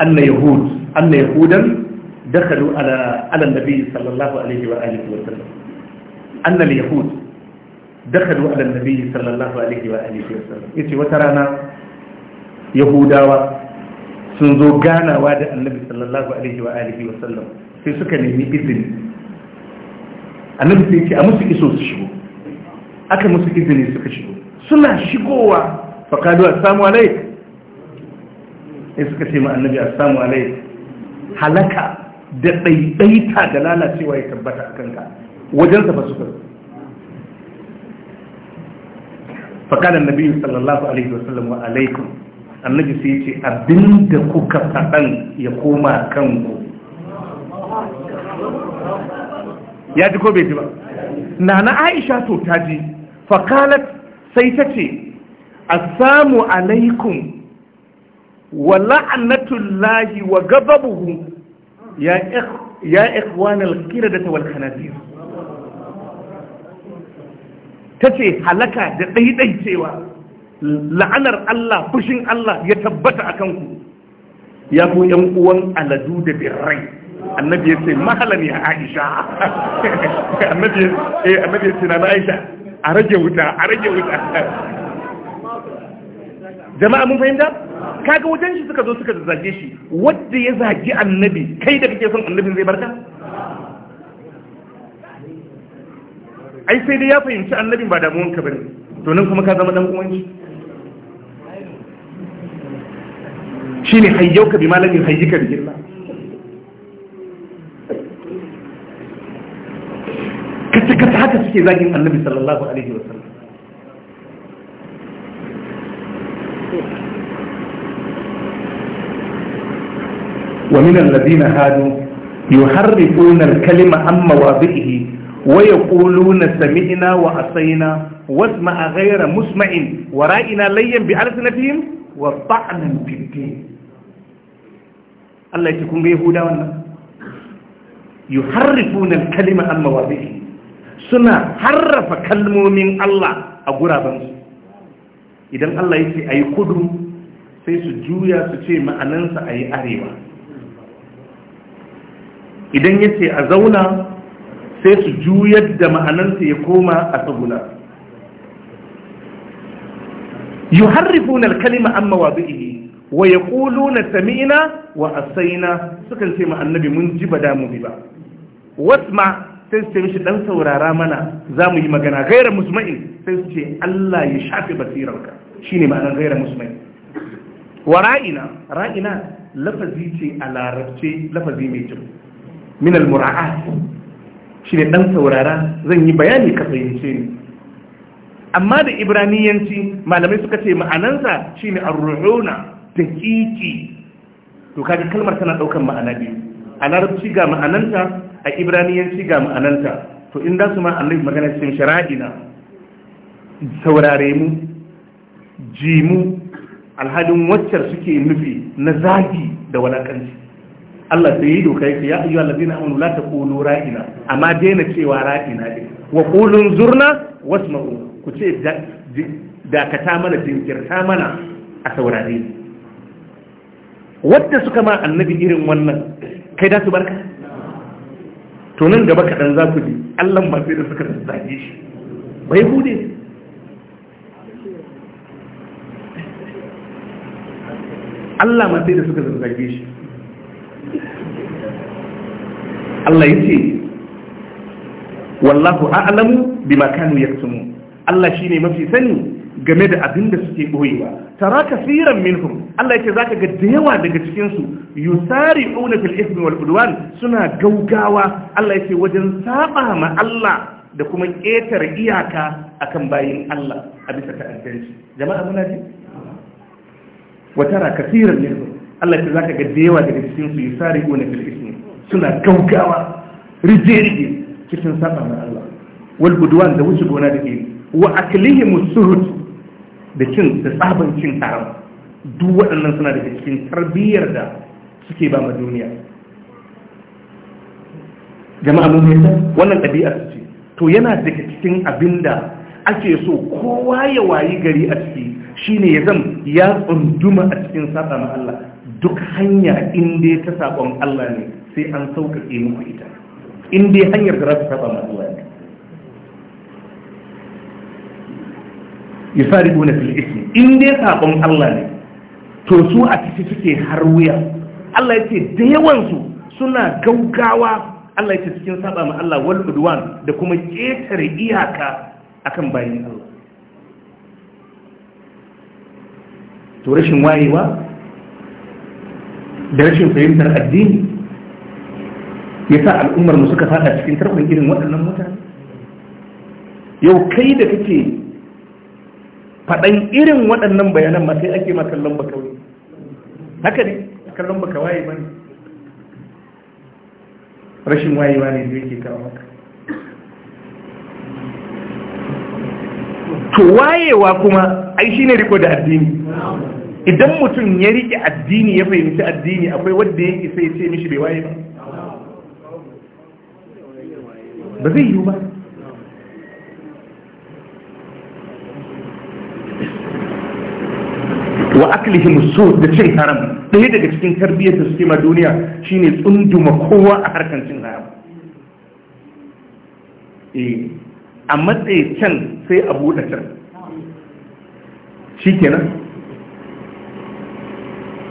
Allah Yahud Allah Yahudan دخلوا على على النبي صلى الله عليه وآله وسلم أن اليهود دخلوا على النبي صلى الله عليه وآله وسلم يتي وترانا يهوداوا sun zo ganawa da annabi sallallahu alaihi wa alihi wa sallam sai suka nemi izini annabi sai ce a musu iso su shigo aka musu izini suka shigo suna shigowa faƙadu assalamu alaik sai suka ce ma annabi assalamu alaik halaka da ɗaiɗaita da lalacewa ya tabbata a kanka wajen ba su kai fakadan nabi sallallahu alaihi wa sallam wa alaikum annabi sai ce abinda kuka faɗan ya koma kanku ya ji ko bai ji ba na aisha to ta ji fakalat sai ta ce assamu alaikum wa la'anatullahi wa gababuhu ya ikwan alkira da tawal khanazir ta ce halaka da ɗaiɗai cewa la'anar Allah fushin Allah ya tabbata a kanku ya ku ‘yan uwan aladu da birrai annabi ya ce mahalar ya aisha annabi ya ce na aisha a rage wuta a rage wuta jama'a mun fahimta? kaga wajen shi suka zo suka zage shi wanda ya zagi annabi kai da kake son annabin zai barka ai sai dai ya fahimci annabin ba damuwan ka bane to nan kuma ka zama dan uwan shi shine hayyauka bi malamin hayyuka bi Allah kace kace haka suke zagin annabi sallallahu alaihi wasallam ومن الذين هادوا يحرفون الكلمة عن مواضعه ويقولون سمعنا وعصينا واسمع غير مسمع ورائنا ليا بألسنتهم وطعنا في الدين الله يتكون بيهودا وانا يحرفون الكلمة عن مواضعه سنة حرف كلمة من الله أقرابا إذن الله يتي أي قدر sai su juya su ce ma'anansa a yi arewa idan yace a zauna sai su juyar da ma'anarsa ya koma a tsaguna yi harrifunar kalima an wa ya ƙulu na sami'ina wa asaina sukan ce ma'annabi mun ji ba damu bi ba wasma sai su ce mishi ɗan saurara mana za mu yi magana gairar musulmai sai su ce Allah ya shafe basirarka shi ma'anar gairar musulmai wa ra'ina ra'ina lafazi ce a larabce lafazi mai kyau min al shi ne dan saurara zan yi bayani ka fahimce ni amma da ibraniyanci malamai suka ce ma'anansa ne ar-ru'una ƙiƙi to kaga kalmar tana ɗaukan ma'ana biyu a larabci ga ma'ananta a ibraniyanci ga ma'ananta to in da su ma allai magana cikin shara'ina saurare mu ji mu alhalin waccar suke nufi na zagi da walakanci Allah sai yi doka yake ya ayyuhal ladina amanu la taqulu ra'ina amma daina cewa ra'ina ne wa qulun zurna wasma'u ku ce dakata mana jinkirta mana a saurare wadda suka ma annabi irin wannan kai da su barka to nan gaba kaɗan za ku ji Allah ba sai da suka zage shi bai bude Allah ma sai da suka zage shi Allah ce wallahu a'lamu bima kanu yaktumun Allah shine mafi sani game da abin da suke boyewa tara kasiran minhum Allah yake zaka ga da yawa daga cikin su yusari'una fil ithmi wal udwan suna gaugawa Allah yake wajen saba ma Allah da kuma ketar iyaka akan bayin Allah a bisa ta'addanci jama'a muna ji wa tara kasiran minhum Allah yake zaka ga da yawa daga cikin su yusari'una fil ithmi suna gaugawa rige cikin saba na Allah wal budwan da wuce gona da ke wa aklihim surut da cin da sabon cin haram duk waɗannan suna daga cikin tarbiyyar da suke ba ma duniya jama'a mun fahimta wannan ɗabi'a ce to yana daga cikin abinda ake so kowa ya wayi gari a ciki shine ya zam ya tsunduma a cikin saba na Allah duk hanya in dai ta sabon Allah ne sai an sauƙaƙe muku ita in dai hanyar da za ta taɓa masu wani ya sa gona na ismi in dai saɓon Allah ne to su a ciki suke har wuya Allah ya ce da yawansu suna gaugawa Allah ya ce cikin saba ma Allah wal udwan da kuma ƙetare iyaka akan bayan Allah to rashin wayewa da rashin fahimtar addini ya sa al'ummar mu suka fada cikin tarkon irin waɗannan mutane yau kai da kake faɗan irin waɗannan bayanan ma sai ake ma kallon baka haka ne kallon baka waye ba ne rashin wayewa ne da yake kawo maka to wayewa kuma ai shine riko da addini idan mutum ya rike addini ya fahimci addini akwai wanda ya isa ya ce mishi bai waye ba ba zai yiwu ba wa aklihim so da cin haram ɗaya daga cikin tarbiyyar da suke ma duniya shine tsunduma kowa a harkar cin haram eh, a matsayi can sai a buɗe can shi kenan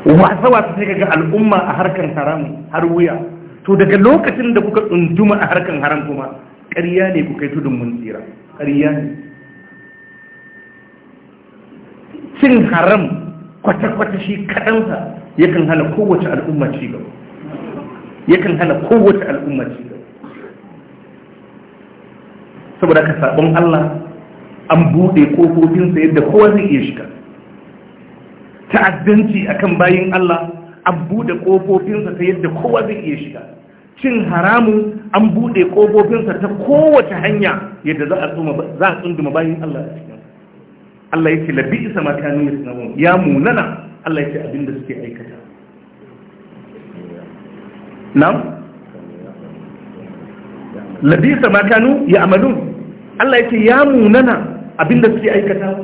wasa-wasa sai kaga al'umma a harkar haram har wuya to daga lokacin da kuka tsunduma a harkan haram kuma ƙarya ne ku kai tudun mun tsira ƙarya ne cin haram kwata-kwata shi kaɗansa yakan hana kowace al'umma ci gaba yakan hana kowace al'umma ci gaba saboda ka sabon Allah an buɗe kofofinsa yadda kowa zai iya shiga ta'addanci akan bayin Allah an bude ƙofofinsa ta yadda kowa zai iya shiga cin haramun an bude ƙofofinsa ta kowace hanya yadda za a tsunduma bayan Allah a cikin Allah ya ce labi isa makanu ya sinawon ya munana Allah ya ce abinda suke aikata na? labi isa makanu ya amalu Allah ya ce ya munana abinda suke aikata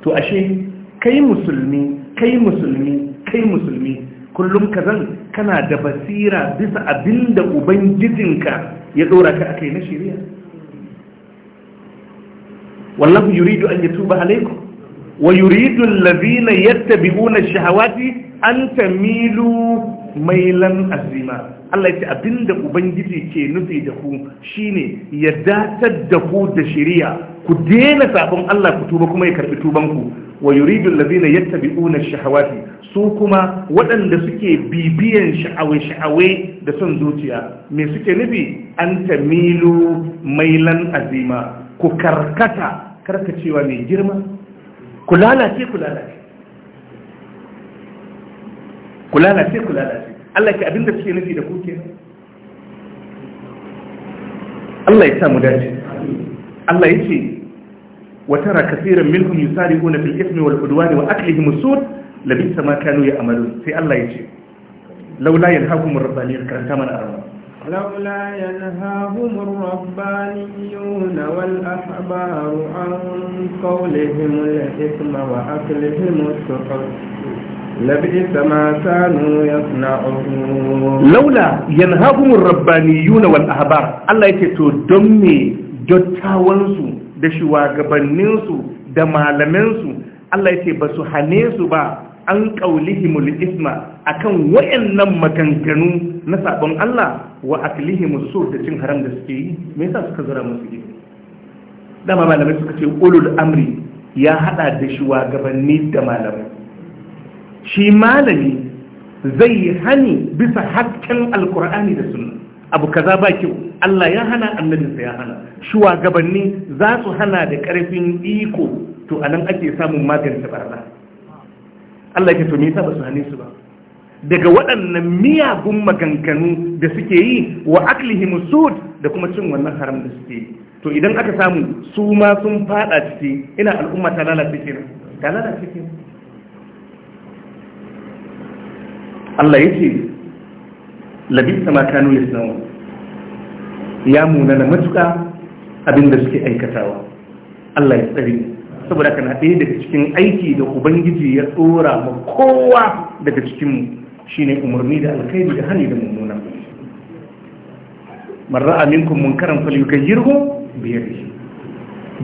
to ashe kai musulmi kai musulmi kai musulmi kullum ka zan kana da basira bisa abin da ubangijinka ya dora ka akai na shirya? wallahu yuridu an yatuba alaikum wa yuridu allazina yattabi'una ash-shahawati an tamilu mailan azima Allah yace abinda ubangiji ke nufi da ku shine ya datar da ku da shari'a ku daina sabon Allah ku tuba kuma ya karbi tuban ku wa yuridu allazina yattabi'una ash-shahawati su kuma waɗanda suke bibiyan sha'awe-sha'awe da son zuciya mai suke nufi an tamilu mailan azima ku karkata karkacewa mai girma ku lalace ku lalace ku lalace ku lalace Allah ke abinda suke nufi da kuke Allah ya samu dace Allah ya ce wa tara kaseeran minhum yusari'una fil ithmi wal ne, wa aklihim sud labin sama kanu ya amalu sai Allah ya ce laula yanhahum rabbaniyun karanta mana arwa laula yanhahum rabbaniyun wal ahbaru an qawlihim la hikma wa aklihim as Laula yan ما كانوا يصنعون لولا ينهاهم الربانيون والأحبار الله يتو دمي جتاونسو da shugabanninsu da malamansu Allah yace ba su hane su ba an ƙaulihimul isma a akan wayannan maganganu na sabon Allah wa aklihimus so da cin haram da suke yi mai sa suka zura musu yi dama malamai suka ce ulul amri ya haɗa da shugabanni da malamai shi malami zai yi hani bisa hakkin alkur'ani da sunna abu kaza ba kyau Allah ya hana annabinsa ya hana shugabanni za su hana da ƙarfin iko to anan ake samun magance barna Allah ya to me ba su hane su ba daga waɗannan miyagun maganganu da suke yi wa aklihim sud da kuma cin wannan haram da suke yi to idan aka samu su ma sun fada ciki ina al'umma ta lalace kenan ta lalace kenan Allah yake labi sama kanu yasnawu ya munana matuka abinda suke aikatawa Allah ya tsare saboda kana ɗaya daga cikin aiki da ubangiji ya tsora ma kowa daga cikinmu shine umarni da alkhairi da hannu da mummuna man ra'a minkum munkaran falyughayyirhu biyar shi.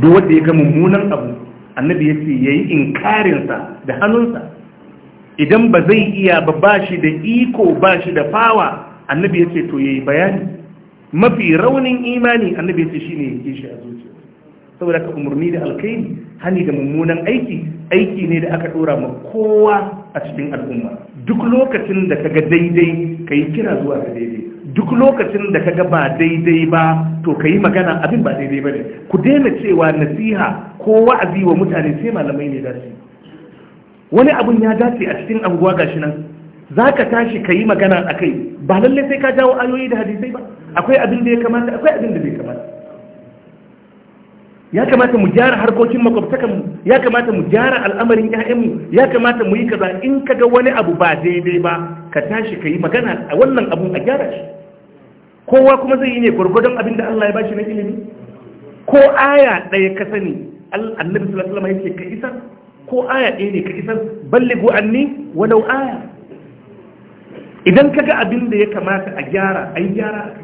duk wanda ya ga mummunan abu annabi ya ce ya yi inkarinsa da hannunsa idan ba zai iya ba ba shi da iko ba shi da fawa annabi ya ce to ya yi bayani mafi raunin imani annabi ya ce shi ne ya ke shi a zuciya saboda ka umarni da alkhairi hani da mummunan aiki aiki ne da aka dora ma kowa a cikin al'umma duk lokacin da kaga daidai ka yi kira zuwa ga daidai duk lokacin da kaga ba daidai ba to ka yi magana abin ba daidai ba ne. ku daina cewa nasiha ko wa'azi wa mutane sai malamai ne dace wani abun ya dace a cikin anguwa gashi nan ka tashi ka yi magana akai ba lalle sai ka jawo ayoyi da hadisai ba akwai abin da ya kamata akwai abin da bai kamata ya kamata mu gyara harkokin makwabtakan ya kamata mu gyara al'amarin 'ya'yanmu. ya kamata mu yi kaza in kaga wani abu ba daidai ba ka tashi ka yi magana a wannan abun a gyara shi kowa kuma zai yi ne gwargwadon abin da Allah ya bashi na ilimi ko aya ɗaya ka sani annabi sallallahu alaihi wasallam ka isar ko aya ɗaya ne ka isar ballighu anni walau aya idan kaga abin da ya kamata a gyara ai gyara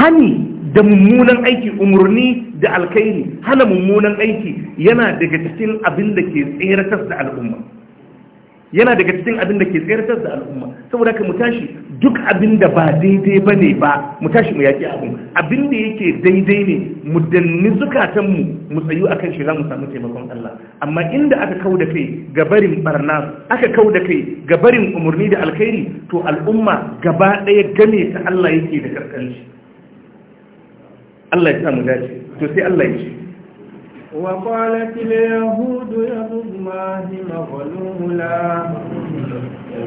hani da mummunan aiki umarni da alkairi hana mummunan aiki yana daga cikin abin da ke tseratar da al'umma yana daga cikin abin da ke tseratar da al'umma saboda ka mu tashi duk abin da ba daidai ba ne ba mu tashi mu yaƙi abin abin da yake daidai ne mu danni zukatanmu mu tsayu akan shi za mu samu taimakon Allah amma inda aka kau da kai ga barin barna aka kau da kai ga barin umarni da alkhairi to al'umma gaba ɗaya game ta Allah yake da karkanci الله يسامو samu dace الله sai وقالت اليهود يد الله مغلولا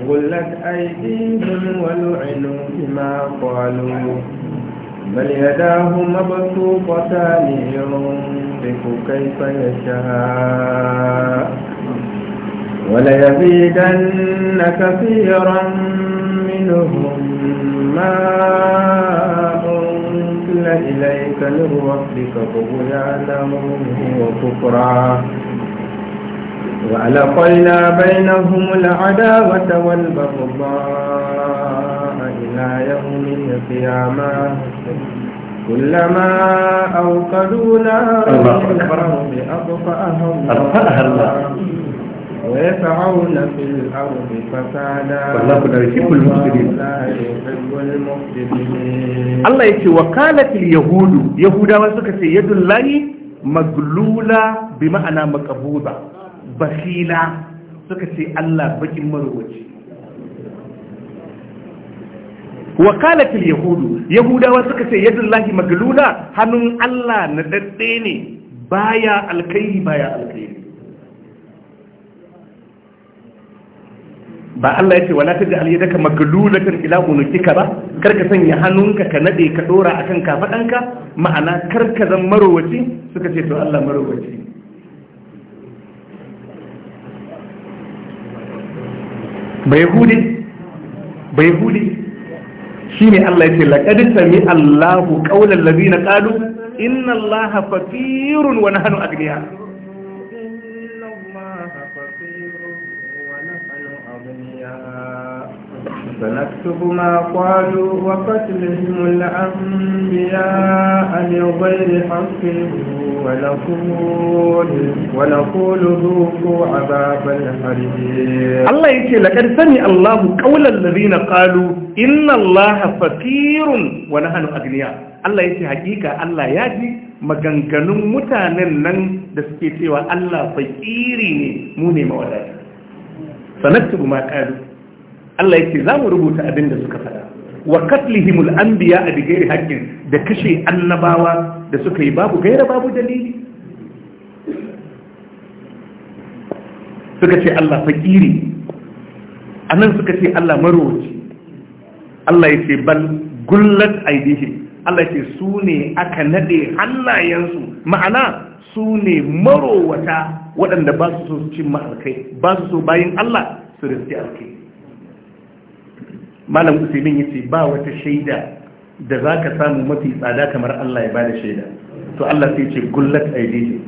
غلت أيديهم ولعنوا بما قالوا بل يداه مبسوطتان ينفق كيف يشاء وليزيدن كثيرا منهم ما أوحينا إليك من ربك فبنيانا وكفرا وألقينا بينهم العداوة والبغضاء إلى يوم القيامة كلما أوقدوا نارا بأطفأها الله Me ka auna Allah ya ce Yahudu, Yahudawa suka ce yadullaki mag lula, bi ma'ana maka buɗa, suka ce Allah baƙi mana waje. Yahudu, Yahudawa suka ce yadullaki mag lula, hannun Allah na daɗɗe ne, baya ya alƙaƴi, ba ba Allah ya ce wala taji al yadaka maglulatan ila unukika ba kar ka sanya hannunka ka nade ka dora akan kafadanka ma'ana kar ka zan marowaci suka ce to Allah marowaci bai hudi bai hudi shine Allah ya ce laqad sami Allahu qawlan ladina qalu inna Allaha faqirun wa nahnu aghniya فنكتب ما قالوا وقتلهم الأنبياء لغير حق ونقول ونقول ذوقوا عذاب الحريق الله يقول لقد سمع الله قول الذين قالوا إن الله فقير ونحن أغنياء Allah ya ce hakika Allah ya ji maganganun mutanen nan da suke cewa Allah fakiri ne mu ne mawadata sanattu ma kalu Allah yake za mu rubuta abin da suka faɗa wa katlihimul anbiya a bigayar haƙƙin da kashe annabawa da suka yi babu gaira babu dalili suka ce Allah faƙiri, a nan suka ce Allah marowaci Allah ya ce bal gullat aidihim Allah ya su ne aka naɗe hannayensu ma'ana su ne marowata waɗanda ba su so cin ma'arkai ba su so bayin Allah su riski alkai malam usaimin ya ce ba wata shaida da za ka samu mafi tsada kamar allah ya bada shaida to allah sai ce gullat aidiji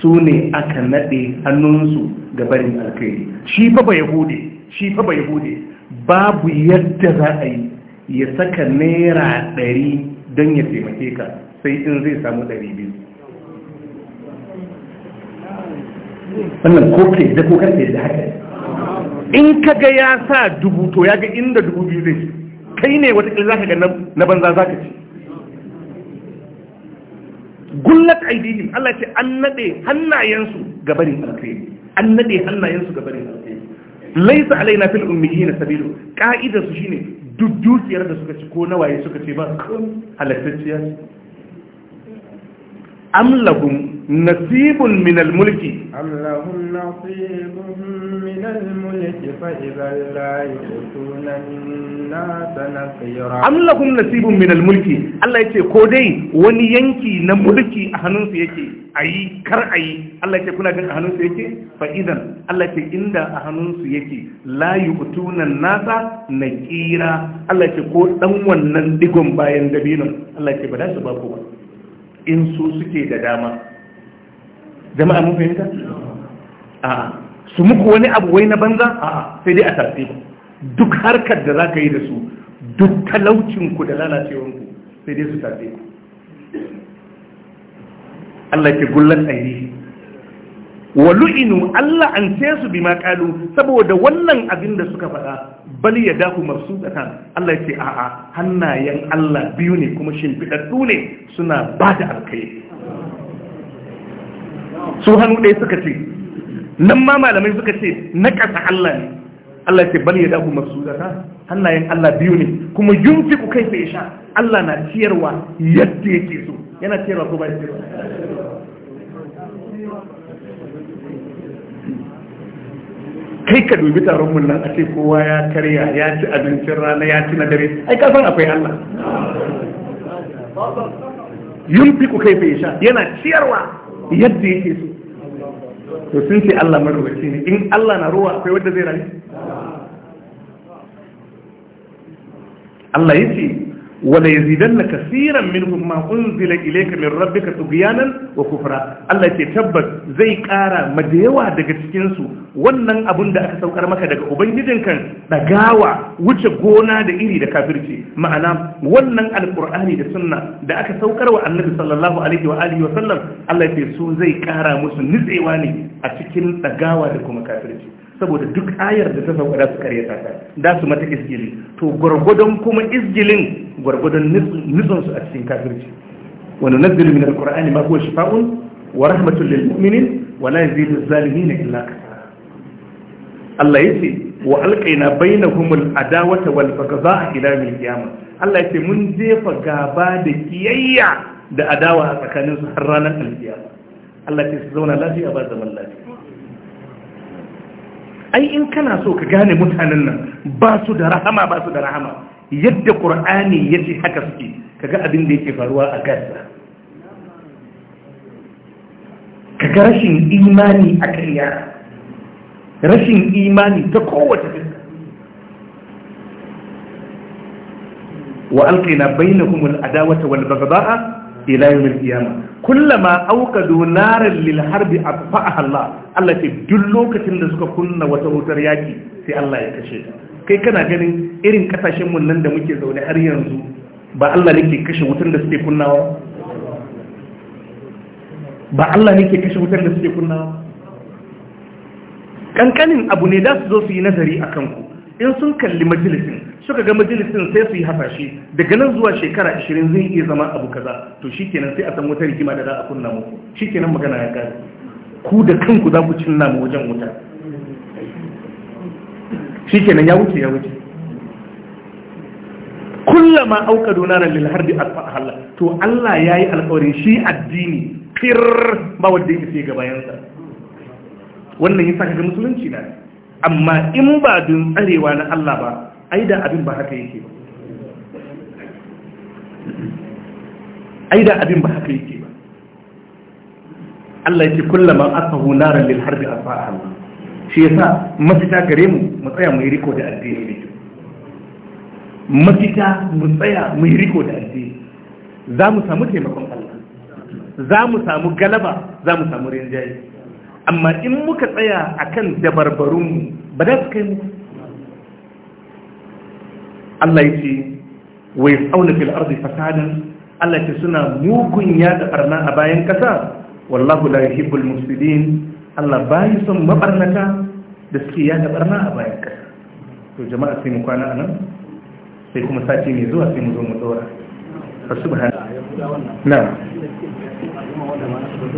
su ne aka naɗe hannunsu ga barin alkhairi shi fa ba yahude shi fa ba yahude babu yadda za a yi ya saka naira ɗari don ya taimake ka sai in zai samu ɗari biyu wannan ko ke da ko karfe da haka in ka ga ya sa dubu to ya ga inda dubu biyu zai kai ne watakila za ka ga na banza za ka ci gullak aidihim Allah ce an naɗe hannayensu ga barin alkhairi an naɗe hannayensu ga barin alkhairi laisa alaina fil ummiyina sabilu ka'idar su shine duk dukiyar da suka ci ko nawaye suka ce ba halatacciya am lahum nasibun min al-mulki am lahum nasibun min al-mulki fa idhan la yu'tuna an-nasa am lahum nasibun min al-mulki Allah yace ko dai wani yanki na mulki a hannun su yake ayi kar ayi Allah yace kuna jin a su yake fa idan Allah yace inda a hannun su yake la yu'tuna nasa nakira Allah yace ko dan wannan digon bayan dabinon Allah yace ba da su ba ko ba in su suke da dama jama'a mun fahimta a su muku wani abu wai na banza a sai dai a tafi duk harkar da za ka yi da su duk talaucinku da lalacewanku sai dai su tafi Allah ke gullan ainihi wa lu'inu Allah an sai su bima qalu saboda wannan abin da suka faɗa bal yadahu marsudatan Allah ya ce a'a hannayen Allah biyu ne kuma fitaddu ne suna ba da alkai su hannu ɗaya suka ce nan ma malamai suka ce na ƙasa Allah ne Allah ya ce bal yadahu marsudatan hannayen Allah biyu ne kuma yunfi ku kai sai sha, Allah na ciyarwa yadda yake so yana ciyarwa ko ba ya ciyarwa kai ka dubi taron mun nan a ce kowa ya karya ya ci abincin rana ya ci na dare ai ka san akwai Allah ku kai kaifa sha yana ciyarwa yadda yake so to sun ce Allah maruwaci ne in Allah na ruwa akwai wanda zai rayu Allah yace wala na kasiran minhum ma unzila ilayka min rabbika tughyanan wa kufra Allah ce tabbas zai kara madewa daga cikin su wannan abun da aka saukar maka daga ubangijin kan dagawa wuce gona da iri da kafirci ma'ana wannan alqur'ani da sunna da aka saukar wa annabi sallallahu alaihi wa alihi wa sallam Allah ce su zai kara musu nitsewa ne a cikin dagawa da kuma kafirci saboda duk ayar da ta sauka da su karyata ta da su mata isgili to gwargwadon kuma izgilin gwargwadon nutsun su a cikin kafirci wa nunazzilu min alqur'ani ma huwa shifaa'un wa rahmatun lil mu'minin wa la yazidu zalimin illa Allah yace wa alqaina bainahum al-adawata wal baghdha'a ila yawm qiyamah Allah yace mun jefa gaba da kiyayya da adawa a tsakaninsu har ranar qiyamah Allah ya su zauna lafiya ba zaman lafiya ai in kana so ka gane mutanen nan ba su da rahama ba su da rahama yadda ƙur'ani ya ce haka suke kaga abin da yake faruwa a gaza kaga rashin imani a kan yara rashin imani ta kowace fiska wa alƙina bainakumul adawata wal bagda'a ila yawmil qiyamah kullama awqadu naran lil harbi atfa'aha Allah Allah ke duk lokacin da suka kunna wata wutar yaki sai Allah ya kashe ta kai kana ganin irin kasashen mun nan da muke zaune har yanzu ba Allah ne ke kashe wutar da suke kunnawa ba Allah ne ke kashe wutar da suke kunnawa kankanin abu ne da su zo su yi nazari a kanku in sun kalli majalisin suka ga majalisin sai su yi hasashe daga nan zuwa shekara 20 zai iya zama abu kaza to shikenan sai a san wata rikima da za a kunna muku shikenan magana ya gari ku da kanku za ku cinna mu wajen wuta shikenan ya wuce ya wuce kullama auqadu na lil harbi atfa Allah to Allah ya yi alƙawarin shi addini fir ba wanda yake sai gabayan sa ka ga musulunci na amma in ba don tsarewa na Allah ba ai da abin ba haka yake ba ai da abin ba haka yake ba Allah ya ce kullaman asahu naran lil harbi asaha shi yasa mafita gare mu mu tsaya mu yi riko da addini ne mafita mu tsaya mu yi riko da addini za mu samu taimakon Allah za mu samu galaba za mu samu rinjaye amma in muka tsaya akan mu ba za su kai mu Allah ya ce wai tsauna fil ardi fasadan Allah ce suna mugun yada ɓarna a bayan kasa wallahu la yuhibbul mufsidin Allah bai son mabarnata da suke yada ɓarna a bayan kasa to jama'a sai mu kwana anan sai kuma sati mai zuwa sai mu zo mu dora subhanallahi na